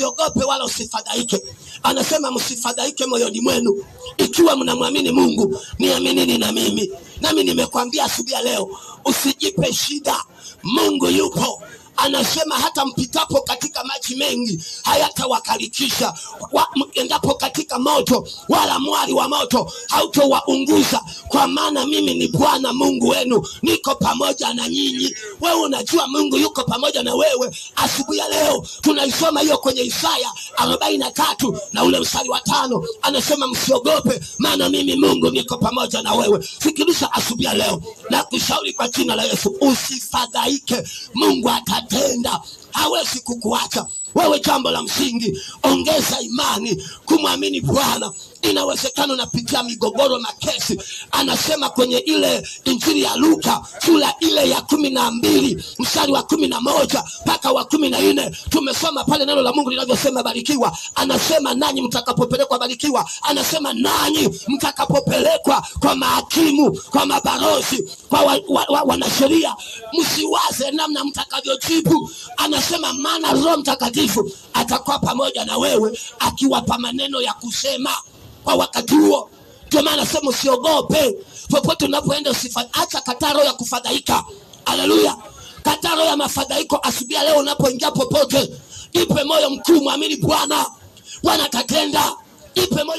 usiogope wala usifadhaike. Anasema msifadhaike moyoni mwenu, ikiwa mnamwamini Mungu, niaminini na mimi. Nami nimekwambia asubuhi leo, usijipe shida, Mungu yupo anasema hata mpitapo katika maji mengi hayatawakarikisha, endapo katika moto, wala mwali wa moto hautowaunguza, kwa maana mimi ni Bwana Mungu wenu, niko pamoja na nyinyi. Wewe unajua Mungu yuko pamoja na wewe. Asubuhi ya leo tunaisoma hiyo kwenye Isaya arobaini na tatu na ule mstari wa tano anasema msiogope, maana mimi Mungu niko pamoja na wewe. Fikirisha asubuhi ya leo na kushauri kwa jina la Yesu, usifadhaike. Mungu atatenda, hawezi kukuacha. Wewe jambo la msingi, ongeza imani kumwamini Bwana. Inawezekana unapitia migogoro na kesi. Anasema kwenye ile Injili ya Luka sura ile ya kumi na mbili mstari wa kumi na moja mpaka wa kumi na nne tumesoma pale neno la Mungu linavyosema, barikiwa. Anasema nanyi mtakapopelekwa, barikiwa. Anasema nanyi mtakapopelekwa kwa mahakimu, kwa mabarozi, kwa wanasheria, wa, wa, wa msiwaze namna mtakavyojibu anasema maana Roho Mtakatifu atakuwa pamoja na wewe akiwapa maneno ya kusema kwa wakati huo. Ndio maana anasema usiogope, popote unapoenda usifa, acha kataro ya kufadhaika. Haleluya, kataro ya mafadhaiko asubia leo, unapoingia popote, ipe moyo mkuu, mwamini Bwana, Bwana atatenda, ipe moyo